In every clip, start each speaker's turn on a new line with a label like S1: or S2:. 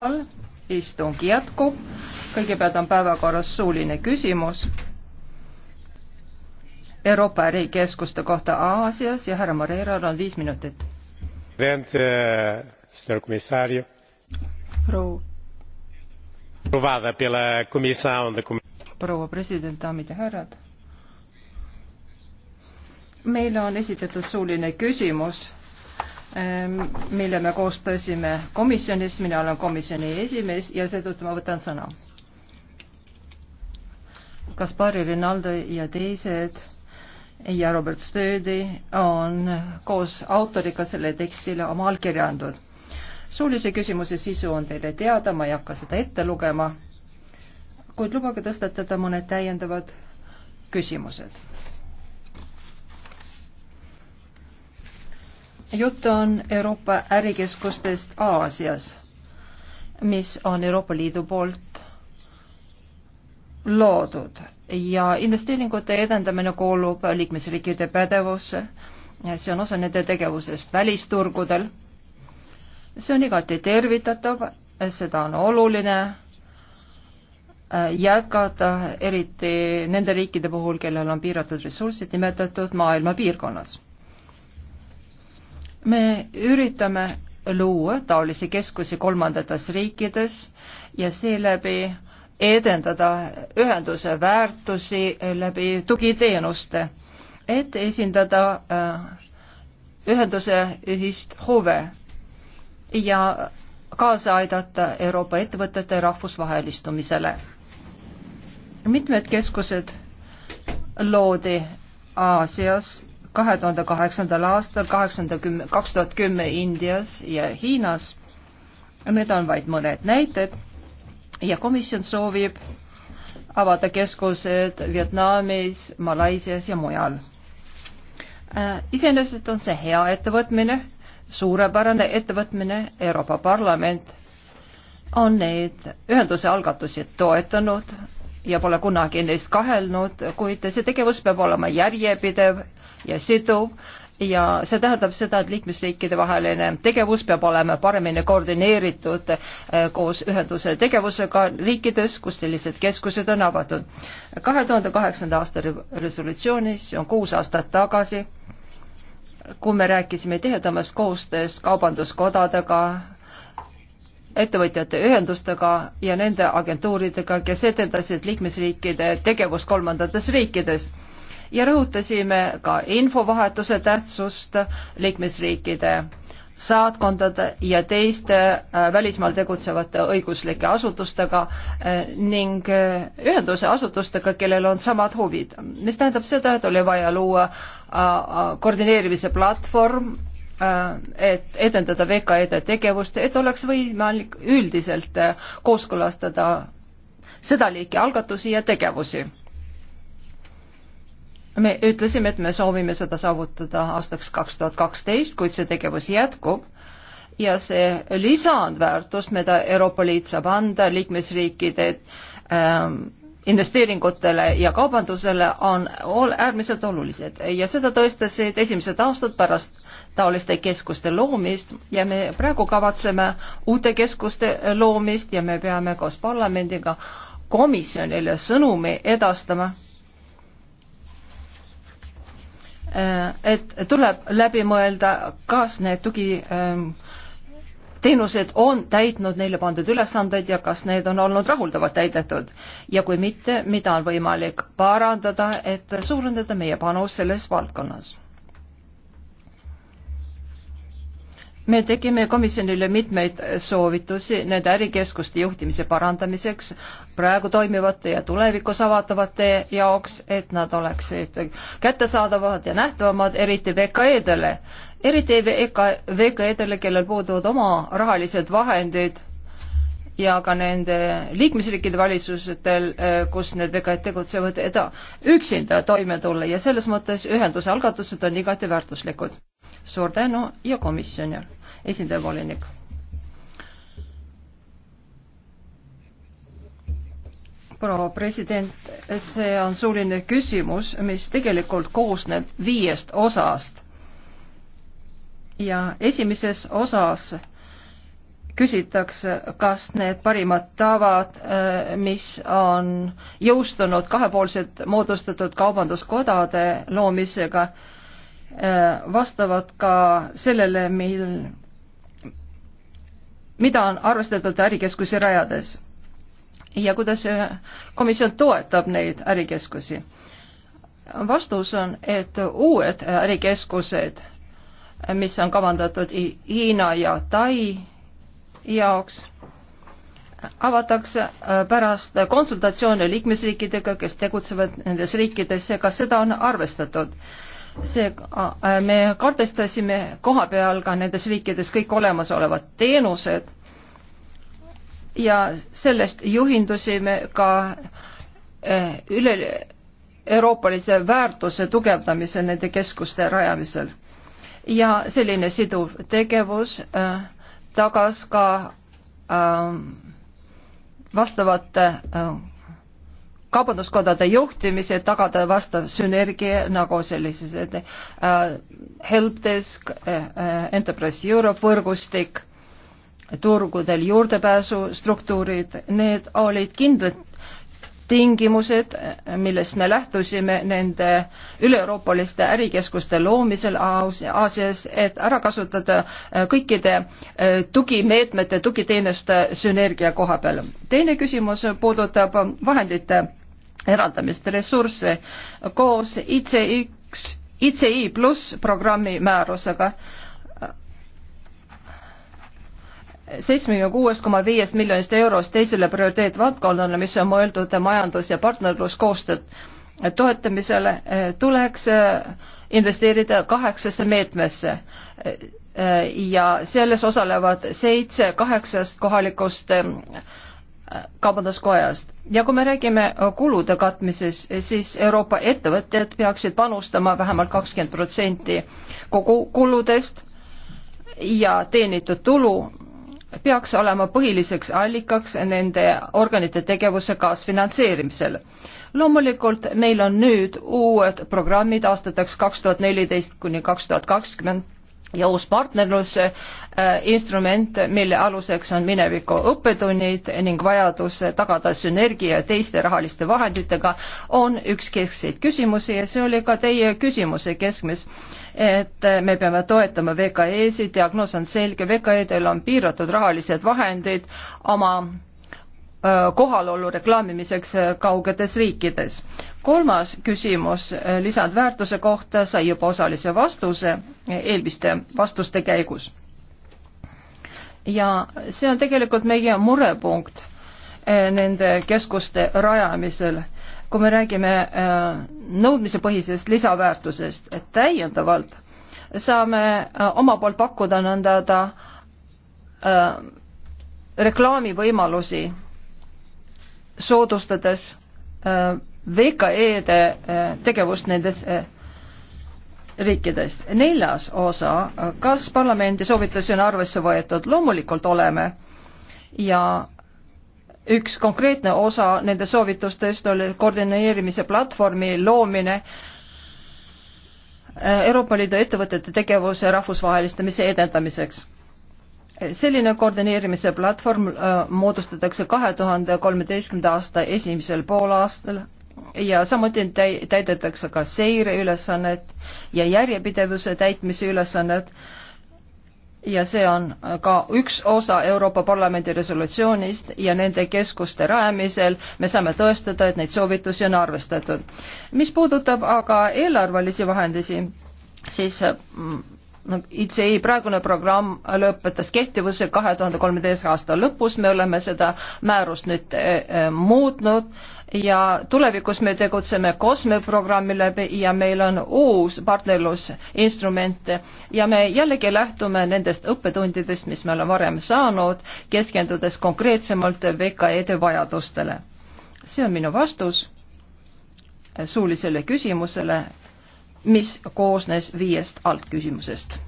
S1: all istung jätkub. kõigepealt on päevakorras suuline küsimus Euroopa ärikeskuste kohta Aasias ja härra Moreiral on viis minutit.
S2: Eh,
S1: proua president, daamid ja härrad. meile on esitatud suuline küsimus Ehm, mille me koostasime komisjonis, mina olen komisjoni esimees ja seetõttu ma võtan sõna. Kaspari Rinaldo ja teised ja Robert Stöödi on koos autoriga selle tekstile oma allkirja andnud. suulise küsimuse sisu on teile teada, ma ei hakka seda ette lugema, kuid lubage tõstatada mõned täiendavad küsimused juttu on Euroopa ärikeskustest Aasias, mis on Euroopa Liidu poolt loodud ja investeeringute edendamine kuulub liikmesriikide pädevusse. see on osa nende tegevusest välisturgudel. see on igati tervitatav, seda on oluline äh, jätkata, eriti nende riikide puhul, kellel on piiratud ressursid nimetatud maailma piirkonnas me üritame luua taolisi keskusi kolmandates riikides ja seeläbi edendada ühenduse väärtusi läbi tugiteenuste, et esindada äh, ühenduse ühist huve ja kaasa aidata Euroopa ettevõtete rahvusvahelistumisele. mitmed keskused loodi Aasias kahe tuhande kaheksandal aastal, kaheksanda kümme, kaks tuhat kümme Indias ja Hiinas. Need on vaid mõned näited ja komisjon soovib avada keskused Vietnamis, Malaisias ja mujal. Äh, iseenesest on see hea ettevõtmine, suurepärane ettevõtmine, Euroopa Parlament on neid ühenduse algatusi toetanud ja pole kunagi neist kahelnud, kuid see tegevus peab olema järjepidev ja siduv ja see tähendab seda, et liikmesriikide vaheline tegevus peab olema paremini koordineeritud äh, koos ühenduse tegevusega riikides, kus sellised keskused on avatud. kahe tuhande kaheksanda aasta resolutsioonis, see on kuus aastat tagasi, kui me rääkisime tihedamast koostööst kaubanduskodadega, ettevõtjate ühendustega ja nende agentuuridega, kes edendasid liikmesriikide tegevust kolmandates riikides ja rõhutasime ka infovahetuse tähtsust liikmesriikide saatkondade ja teiste äh, välismaal tegutsevate õiguslike asutustega äh, ning äh, ühenduse asutustega, kellel on samad huvid, mis tähendab seda, et oli vaja luua koordineerimise platvorm, et edendada VKE-de tegevust, et oleks võimalik üldiselt kooskõlastada seda liiki algatusi ja tegevusi me ütlesime, et me soovime seda saavutada aastaks kaks tuhat kaksteist, kuid see tegevus jätkub ja see lisandväärtus, mida Euroopa Liit saab anda liikmesriikide ähm, investeeringutele ja kaubandusele on ol äärmiselt olulised ja seda tõestasid esimesed aastad pärast taoliste keskuste loomist ja me praegu kavatseme uute keskuste loomist ja me peame koos parlamendiga komisjonile sõnumi edastama Äh, et tuleb läbi mõelda, kas need tugiteenused ähm, on täitnud neile pandud ülesandeid ja kas need on olnud rahuldavalt täidetud. ja kui mitte, mida on võimalik parandada, et suurendada meie panus selles valdkonnas me tegime komisjonile mitmeid soovitusi nende ärikeskuste juhtimise parandamiseks praegu toimivate ja tulevikus avatavate jaoks, et nad oleksid kättesaadavad ja nähtavamad, eriti VKE-dele. eriti VKE-dele, kellel puuduvad oma rahalised vahendid ja ka nende liikmesriikide valitsustel, kus need vegad tegutsevad, eda-, üksinda toime tulla ja selles mõttes ühenduse algatused on igati väärtuslikud. suur tänu ja komisjonile! esindaja volinik. proua president, see on suuline küsimus, mis tegelikult koosneb viiest osast. ja esimeses osas küsitakse, kas need parimad tavad, mis on jõustunud kahepoolselt moodustatud kaubanduskodade loomisega, vastavad ka sellele, mil mida on arvestatud ärikeskusi rajades ja kuidas äh, komisjon toetab neid ärikeskusi. vastus on, et uued ärikeskused, mis on kavandatud Hiina ja Tai jaoks, avatakse äh, pärast konsultatsioone liikmesriikidega, kes tegutsevad nendes riikides ja ka seda on arvestatud seega me kaardistasime koha peal ka nendes riikides kõik olemasolevad teenused ja sellest juhindusime ka e, üle euroopalise väärtuse tugevdamisel nende keskuste rajamisel. ja selline siduv tegevus äh, tagas ka äh, vastavate äh, kaubanduskodade juhtimise, et tagada vastav sünergia nagu sellises äh, helpdesk äh,, Enterprise Europe võrgustik, turgudel juurdepääsu struktuurid, need olid kindlad tingimused, millest me lähtusime nende üle-euroopaliste ärikeskuste loomisel Aasias, et ära kasutada äh, kõikide äh, tugimeetmete, tugiteenuste sünergia koha peal. teine küsimus puudutab vahendite eraldamist ressursse koos ICX, ICI pluss programmi määrusega seitsmekümne kuuest koma viiest miljonist eurost teisele prioriteetvaldkonnale, mis on mõeldud majandus- ja partnerluskoostööd toetamisele, tuleks investeerida kaheksasse meetmesse ja selles osalevad seitse kaheksast kohalikust kaubanduskojast ja kui me räägime kulude katmisest, siis Euroopa ettevõtjad peaksid panustama vähemalt kakskümmend protsenti kogu kuludest ja teenitud tulu peaks olema põhiliseks allikaks nende organite tegevuse kaasfinantseerimisel. loomulikult meil on nüüd uued programmid aastateks kaks tuhat neliteist kuni kaks tuhat kakskümmend ja uus partnerlusinstrument, äh, mille aluseks on mineviku õppetunnid ning vajadus tagada sünergia teiste rahaliste vahenditega, on üks keskseid küsimusi ja see oli ka teie küsimuse keskmes, et äh, me peame toetama VKE-sid, diagnoos on selge, VKE-del on piiratud rahalised vahendid oma Äh, kohalolu reklaamimiseks äh, kaugetes riikides. kolmas küsimus äh, lisandväärtuse kohta sai juba osalise vastuse eelmiste vastuste käigus. ja see on tegelikult meie murepunkt nende keskuste rajamisel kui me räägime nõudmisepõhisest lisaväärtusest, et täiendavalt saame oma poolt pakkuda nõnda reklaamivõimalusi soodustades äh, VKE-de äh, tegevust nendes äh, riikides. neljas osa, kas parlamendi soovitusi on arvesse võetud? loomulikult oleme ja üks konkreetne osa nende soovitustest oli koordineerimise platvormi loomine Euroopa Liidu ettevõtete tegevuse rahvusvahelistamise edendamiseks selline koordineerimise platvorm äh, moodustatakse kahe tuhande kolmeteistkümnenda aasta esimesel poolaastal ja samuti täidetakse ka seireülesannet ja järjepidevuse täitmise ülesannet ja see on äh, ka üks osa Euroopa Parlamendi resolutsioonist ja nende keskuste rajamisel me saame tõestada, et neid soovitusi on arvestatud. mis puudutab aga eelarvelisi vahendisi, siis mm, ICI praegune programm lõpetas kehtivuse kahe tuhande kolmeteistkümnenda aasta lõpus, me oleme seda määrust nüüd eh, eh, muutnud ja tulevikus me tegutseme COSME programmi läbi ja meil on uus partnerlusinstrument ja me jällegi lähtume nendest õppetundidest, mis me oleme varem saanud, keskendudes konkreetsemalt VKE-de vajadustele. see on minu vastus suulisele küsimusele mis koosnes viiest altküsimusest.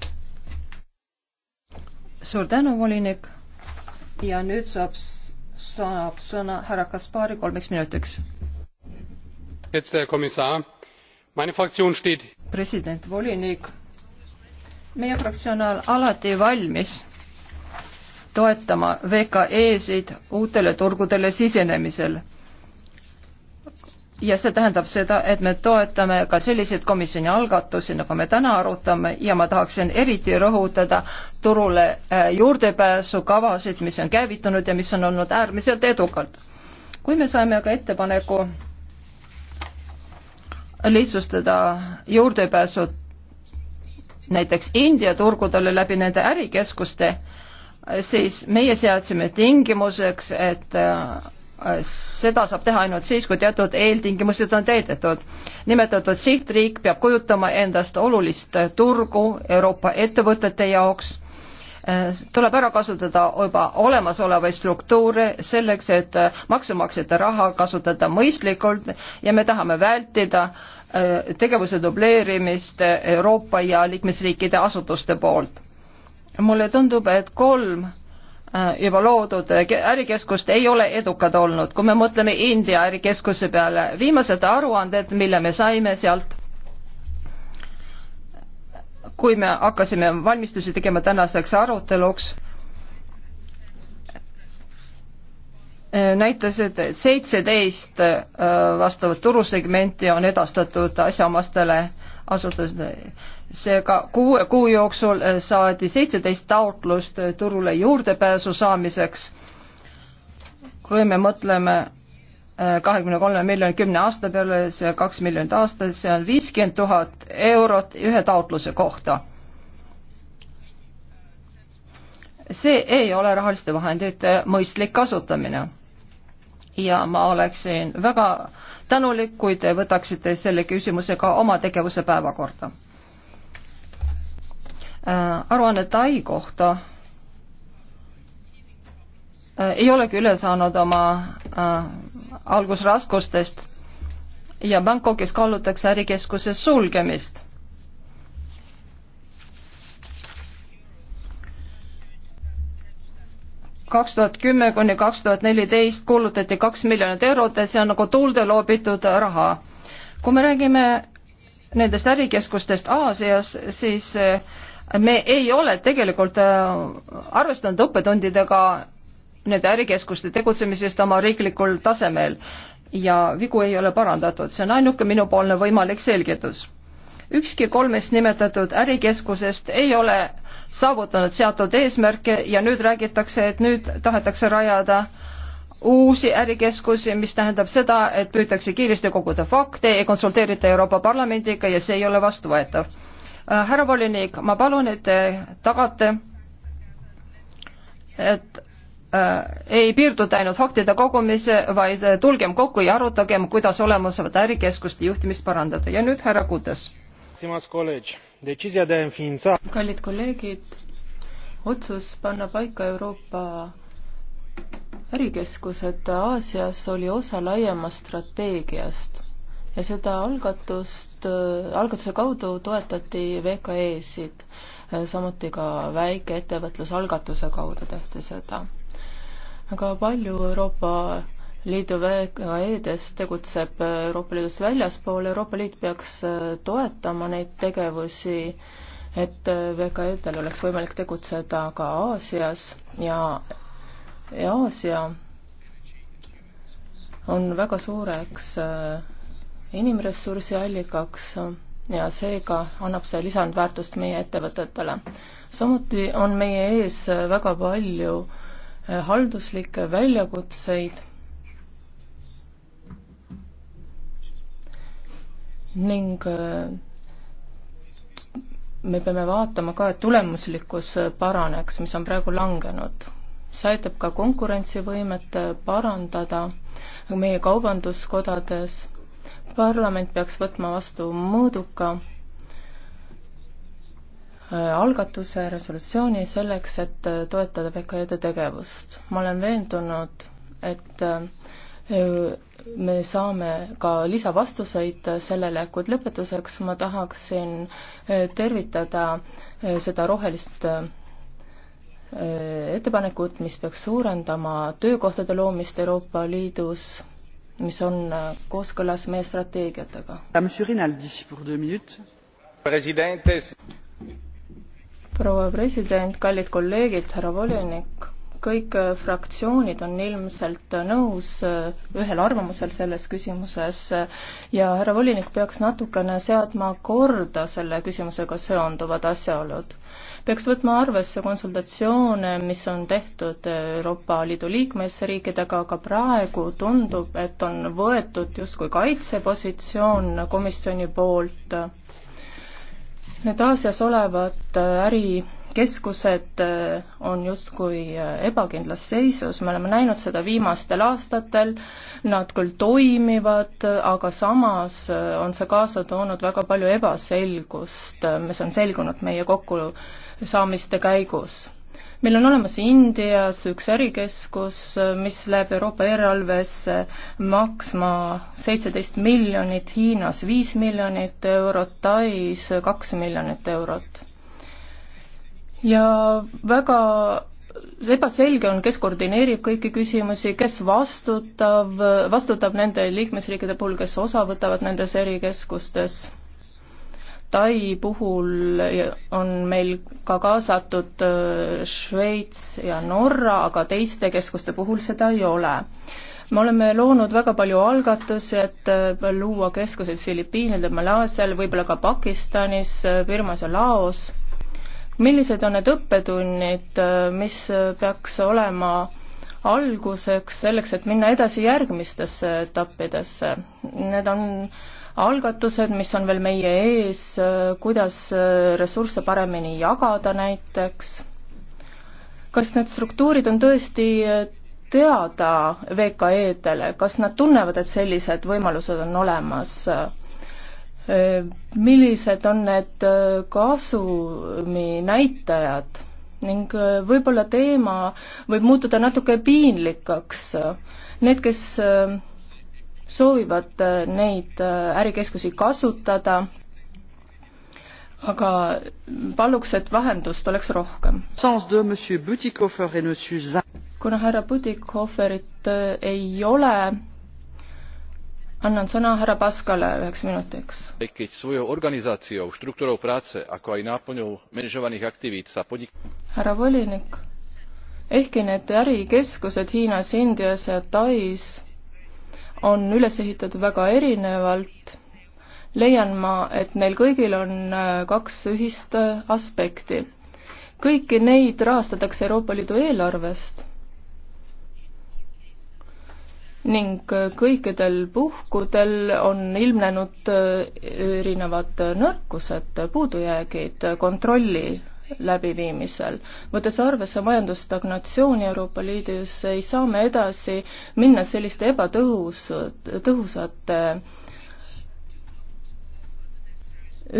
S1: suur tänu, volinik. ja nüüd saab, saab sõna härra Kaspari kolmeks minutiks. president, volinik, meie fraktsioon on alati valmis toetama VKE-sid uutele turgudele sisenemisel ja see tähendab seda, et me toetame ka selliseid komisjoni algatusi, nagu me täna arutame ja ma tahaksin eriti rõhutada turule äh, juurdepääsu kavasid, mis on käivitunud ja mis on olnud äärmiselt edukalt. kui me saime aga ettepaneku lihtsustada juurdepääsu näiteks India turgudele läbi nende ärikeskuste, siis meie seadsime tingimuseks, et äh, seda saab teha ainult siis, kui teatud eeltingimused on täidetud. nimetatud sihtriik peab kujutama endast olulist turgu Euroopa ettevõtete jaoks, tuleb ära kasutada juba olemasolevaid struktuure selleks, et maksumaksjate raha kasutada mõistlikult ja me tahame vältida äh, tegevuse dubleerimist Euroopa ja liikmesriikide asutuste poolt. mulle tundub, et kolm Äh, juba loodud äh, ärikeskust ei ole edukad olnud, kui me mõtleme India ärikeskuse peale, viimased aruanded, mille me saime sealt, kui me hakkasime valmistusi tegema tänaseks aruteluks, äh, näitas, et seitseteist vastavat turusegmenti on edastatud asjaomastele asutustele seega kuue kuu jooksul äh, saadi seitseteist taotlust äh, turule juurdepääsu saamiseks. kui me mõtleme äh, kahekümne kolme miljoni kümne aasta peale, see kaks miljonit aastat, see on viiskümmend tuhat eurot ühe taotluse kohta. see ei ole rahaliste vahendite mõistlik kasutamine. ja ma oleksin väga tänulik, kui te võtaksite selle küsimuse ka oma tegevuse päevakorda Äh, aruanne Tai kohta äh, ei olegi üle saanud oma äh, algusraskustest ja Bangkokis kaalutakse ärikeskuse sulgemist. kaks tuhat kümme kuni kaks tuhat neliteist kulutati kaks miljonit eurot ja see on nagu tuulde loobitud raha. kui me räägime nendest ärikeskustest Aasias, siis äh, me ei ole tegelikult äh, arvestanud õppetundidega nende ärikeskuste tegutsemisest oma riiklikul tasemel ja vigu ei ole parandatud, see on ainuke minupoolne võimalik selgitus. ükski kolmest nimetatud ärikeskusest ei ole saavutanud seatud eesmärke ja nüüd räägitakse, et nüüd tahetakse rajada uusi ärikeskusi, mis tähendab seda, et püütakse kiiresti koguda fakte ja konsulteerida Euroopa Parlamendiga ja see ei ole vastuvõetav Äh, härra volinik, ma palun, et te tagate, et äh, ei piirduta ainult faktide kogumise, vaid tulgem kokku ja arutagem, kuidas olemasolevate ärikeskuste juhtimist parandada. ja nüüd härra Kutas. kallid kolleegid, otsus panna paika Euroopa
S3: ärikeskused Aasias oli osa laiemast strateegiast ja seda algatust, äh, algatuse kaudu toetati VKE-sid, äh, samuti ka väikeettevõtlusalgatuse kaudu tehti seda. aga palju Euroopa Liidu VKE-des tegutseb Euroopa Liidust väljaspool, Euroopa Liit peaks äh, toetama neid tegevusi, et VKE-del oleks võimalik tegutseda ka Aasias ja, ja Aasia on väga suureks äh, inimressursi allikaks ja seega annab see lisandväärtust meie ettevõtetele. samuti on meie ees väga palju eh, halduslikke väljakutseid ning eh, me peame vaatama ka, et tulemuslikkus paraneks, mis on praegu langenud. see aitab ka konkurentsivõimet parandada meie kaubanduskodades parlament peaks võtma vastu mõõduka äh, algatuse resolutsiooni selleks, et äh, toetada PKD tegevust. ma olen veendunud, et äh, me saame ka lisavastuseid sellele, kuid lõpetuseks ma tahaksin tervitada seda rohelist ettepanekut, mis peaks suurendama töökohtade loomist Euroopa Liidus mis on äh, kooskõlas meie strateegiatega. proua president, kallid kolleegid, härra volinik kõik äh, fraktsioonid on ilmselt äh, nõus äh, ühel arvamusel selles küsimuses ja härra volinik peaks natukene seadma korda selle küsimusega seonduvad asjaolud. peaks võtma arvesse konsultatsioone, mis on tehtud Euroopa Liidu liikmesriikidega, aga praegu tundub, et on võetud justkui kaitsepositsioon komisjoni poolt. Need Aasias olevad äri keskused äh, on justkui äh, ebakindlas seisus, me oleme näinud seda viimastel aastatel, nad küll toimivad, äh, aga samas on see kaasa toonud väga palju ebaselgust, mis on selgunud meie kokkusaamiste käigus. meil on olemas Indias üks ärikeskus, mis läheb Euroopa eelarvesse maksma seitseteist miljonit, Hiinas viis miljonit eurot, Tais kaks miljonit eurot ja väga ebaselge on, kes koordineerib kõiki küsimusi, kes vastutab, vastutab nende liikmesriikide puhul, kes osa võtavad nendes erikeskustes. Tai puhul on meil ka kaasatud äh, Šveits ja Norra, aga teiste keskuste puhul seda ei ole. me oleme loonud väga palju algatusi, et äh, luua keskuseid Filipiinidel, Malaasial, võib-olla ka Pakistanis, Birmas äh, ja Laos millised on need õppetunnid, mis peaks olema alguseks selleks, et minna edasi järgmistesse etappidesse? Need on algatused, mis on veel meie ees, kuidas ressursse paremini jagada näiteks, kas need struktuurid on tõesti teada VKE-dele, kas nad tunnevad, et sellised võimalused on olemas? millised on need äh, kasumi näitajad ning äh, võib-olla teema võib muutuda natuke piinlikaks. Need, kes äh, soovivad neid ärikeskusi kasutada, aga paluks, et vahendust
S1: oleks rohkem.
S3: kuna härra Butikoferit ei ole, annan sõna härra Paskale üheks minutiks. keď svojou organizáciou, štruktúrou práce, ako aj náplňou manažovaných aktivít sa podnik... härra volinik, ehkki need ärikeskused Hiinas, Indias ja Tais on üles ehitatud väga erinevalt, leian ma, et neil kõigil on äh, kaks ühist äh, aspekti. kõiki neid rahastatakse Euroopa Liidu eelarvest ning kõikidel puhkudel on ilmnenud äh, erinevad nõrkused, puudujäägid kontrolli läbiviimisel. võttes arvesse majandusstagnatsiooni Euroopa Liidus, ei saa me edasi minna selliste ebatõhus, tõhusate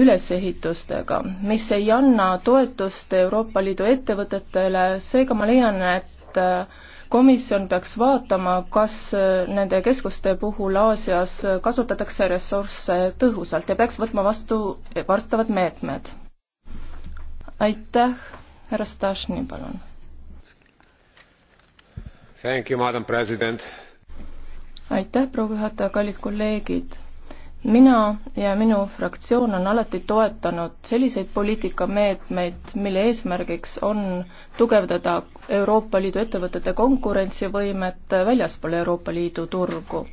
S3: ülesehitustega, mis ei anna toetust Euroopa Liidu ettevõtetele, seega ma leian, et äh, komisjon peaks vaatama, kas äh, nende keskuste puhul Aasias kasutatakse ressursse tõhusalt ja peaks võtma vastu vastavad meetmed. aitäh, härra Stašni, palun. aitäh, proua juhataja, kallid kolleegid mina ja minu fraktsioon on alati toetanud selliseid poliitikameetmeid, mille eesmärgiks on tugevdada Euroopa Liidu ettevõtete konkurentsivõimet väljaspool Euroopa Liidu turgu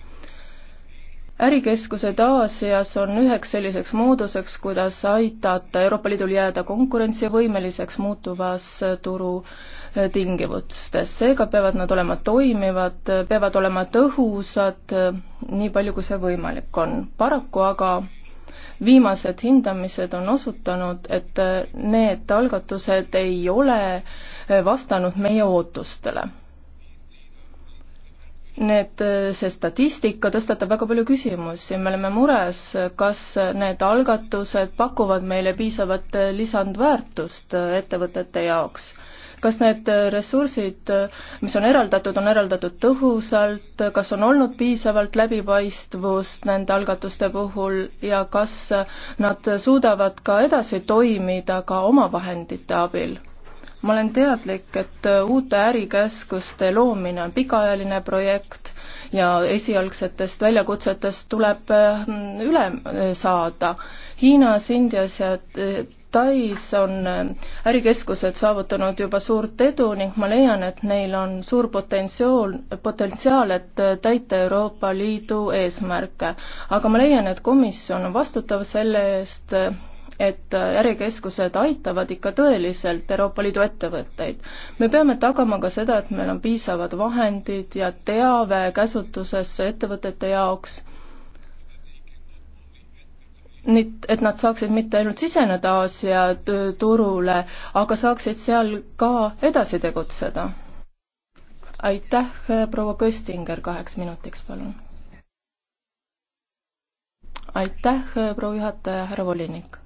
S3: ärikeskused Aasias on üheks selliseks mooduseks, kuidas aidata Euroopa Liidul jääda konkurentsivõimeliseks muutuvas turu tingimustes. seega peavad nad olema toimivad, peavad olema tõhusad, nii palju kui see võimalik on. paraku aga viimased hindamised on osutanud, et need algatused ei ole vastanud meie ootustele Need, äh, see statistika tõstatab väga palju küsimusi, me oleme mures, kas need algatused pakuvad meile piisavat äh, lisandväärtust äh, ettevõtete jaoks. kas need ressursid, mis on eraldatud, on eraldatud tõhusalt, kas on olnud piisavalt läbipaistvust nende algatuste puhul ja kas nad suudavad ka edasi toimida ka omavahendite abil? ma olen teadlik, et äh, uute ärikeskuste loomine on pikaajaline projekt ja esialgsetest väljakutsetest tuleb äh, üle äh, saada. Hiinas, Indias ja Tais on ärikeskused saavutanud juba suurt edu ning ma leian, et neil on suur potentsiool, potentsiaal, et täita Euroopa Liidu eesmärke. aga ma leian, et komisjon on vastutav selle eest, et äh, ärekeskused aitavad ikka tõeliselt Euroopa Liidu ettevõtteid. me peame tagama ka seda, et meil on piisavad vahendid ja teave käsutuses ettevõtete jaoks, nii et nad saaksid mitte ainult siseneda Aasia turule, aga saaksid seal ka edasi tegutseda. aitäh, proua Köstinger, kaheks minutiks, palun aitäh, proua juhataja, härra volinik.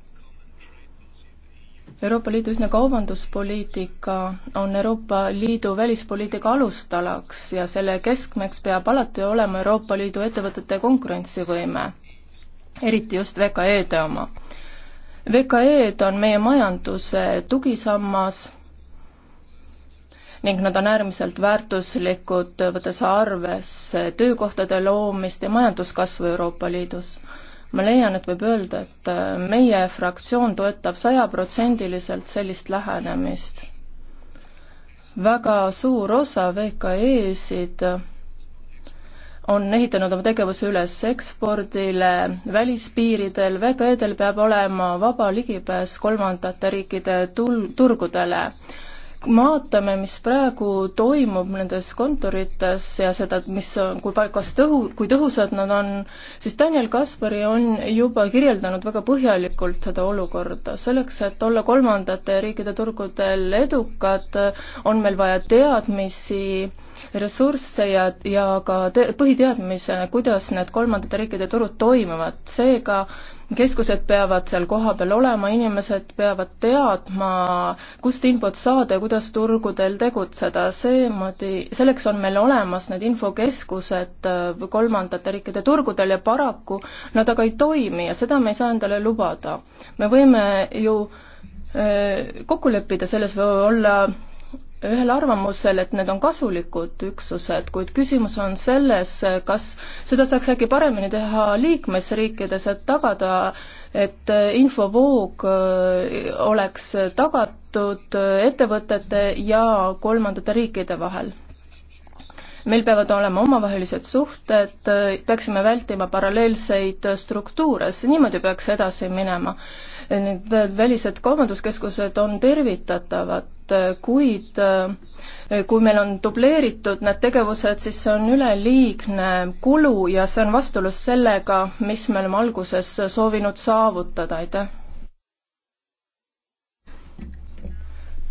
S3: Euroopa Liidu ühtne kaubanduspoliitika on Euroopa Liidu välispoliitika alustalaks ja selle keskmeks peab alati olema Euroopa Liidu ettevõtete konkurentsivõime, eriti just VKE-de oma. VKE-d on meie majanduse tugisammas ning nad on äärmiselt väärtuslikud, võttes arvesse töökohtade loomist ja majanduskasvu Euroopa Liidus ma leian, et võib öelda, et äh, meie fraktsioon toetab sajaprotsendiliselt sellist lähenemist. väga suur osa VKE-sid äh, on ehitanud oma tegevuse üles ekspordile, välispiiridel, VKE-del peab olema vaba ligipääs kolmandate riikide tul-, turgudele vaatame, mis praegu toimub nendes kontorites ja seda, mis, kui palju, kas tõhu, kui tõhusad nad on, siis Daniel Kaspari on juba kirjeldanud väga põhjalikult seda olukorda. selleks, et olla kolmandate riikide turgudel edukad, on meil vaja teadmisi, ressursse ja, ja ka te-, põhiteadmisena, kuidas need kolmandate riikide turud toimivad, seega keskused peavad seal kohapeal olema, inimesed peavad teadma, kust infot saada ja kuidas turgudel tegutseda, seemoodi, selleks on meil olemas need infokeskused äh, kolmandate riikide turgudel ja paraku nad aga ei toimi ja seda me ei saa endale lubada. me võime ju äh, kokku leppida selles või olla ühel arvamusel, et need on kasulikud üksused, kuid küsimus on selles, kas seda saaks äkki paremini teha liikmesriikides, et tagada, et infovoog äh, oleks tagatud äh, ettevõtete ja kolmandate riikide vahel meil peavad olema omavahelised suhted, äh, peaksime vältima paralleelseid struktuure, sest niimoodi peaks edasi minema. Need välised kaubanduskeskused on tervitatavad tegevust, äh, kuid äh, kui meil on dubleeritud need tegevused, siis see on üleliigne kulu ja see on vastuolus sellega, mis me oleme alguses soovinud saavutada, aitäh.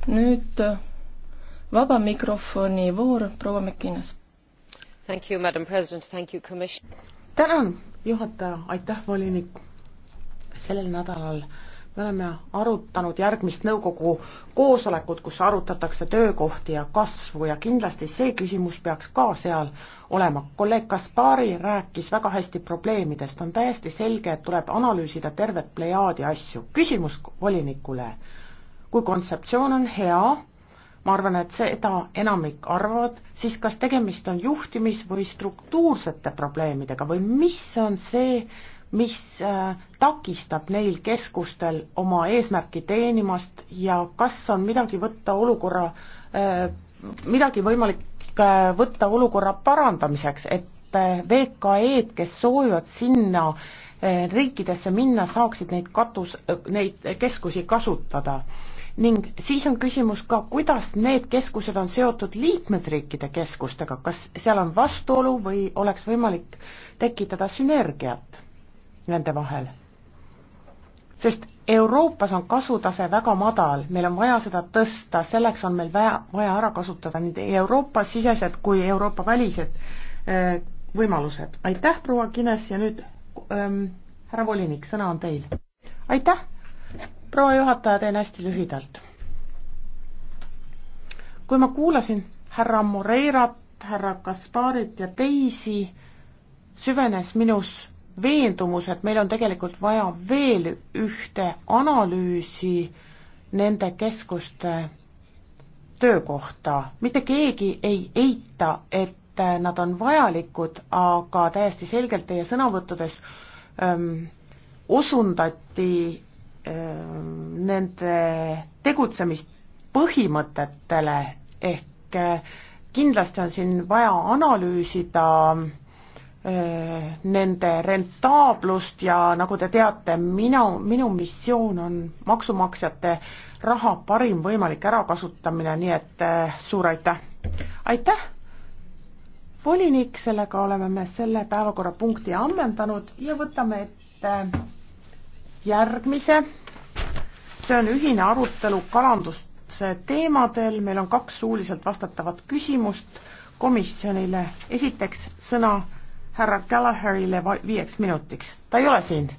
S3: nüüd äh, vaba mikrofoni voor, proua Mekines.
S2: tänan, juhataja, aitäh, volinik. sellel nädalal me oleme arutanud järgmist nõukogu koosolekut, kus arutatakse töökohti ja kasvu ja kindlasti see küsimus peaks ka seal olema. kolleeg Kaspari rääkis väga hästi probleemidest, on täiesti selge, et tuleb analüüsida tervet plejaadi asju. küsimus volinikule, kui kontseptsioon on hea, ma arvan, et seda enamik arvavad, siis kas tegemist on juhtimis- või struktuursete probleemidega või mis on see, mis äh, takistab neil keskustel oma eesmärki teenimast ja kas on midagi võtta olukorra, äh, midagi võimalik äh, võtta olukorra parandamiseks, et VKE-d, kes soovivad sinna riikidesse minna, saaksid neid katus, neid keskusi kasutada. ning siis on küsimus ka, kuidas need keskused on seotud liikmesriikide keskustega, kas seal on vastuolu või oleks võimalik tekitada sünergiat? nende vahel. sest Euroopas on kasutase väga madal, meil on vaja seda tõsta, selleks on meil vaja, vaja ära kasutada nii Euroopa sisesed kui Euroopa välised äh, võimalused. aitäh, proua Kines ja nüüd ähm, härra volinik, sõna on teil. aitäh, proua juhataja, teen hästi lühidalt. kui ma kuulasin härra Moreirat, härra Kasparit ja teisi, süvenes minus veendumus, et meil on tegelikult vaja veel ühte analüüsi nende keskuste töö kohta, mitte keegi ei eita, et nad on vajalikud, aga täiesti selgelt teie sõnavõttudes öm, ähm, osundati öm, ähm, nende tegutsemispõhimõtetele, ehk äh, kindlasti on siin vaja analüüsida öö, Äh, nende rentaablust ja nagu te teate, mina, minu missioon on maksumaksjate raha parim võimalik ärakasutamine, nii et äh, suur aitäh! aitäh, volinik, sellega oleme me selle päevakorrapunkti ammendanud ja võtame ette järgmise, see on ühine arutelu kalanduse teemadel, meil on kaks suuliselt vastatavat küsimust komisjonile, esiteks sõna härra Gallagherile viieks minutiks, ta ei ole siin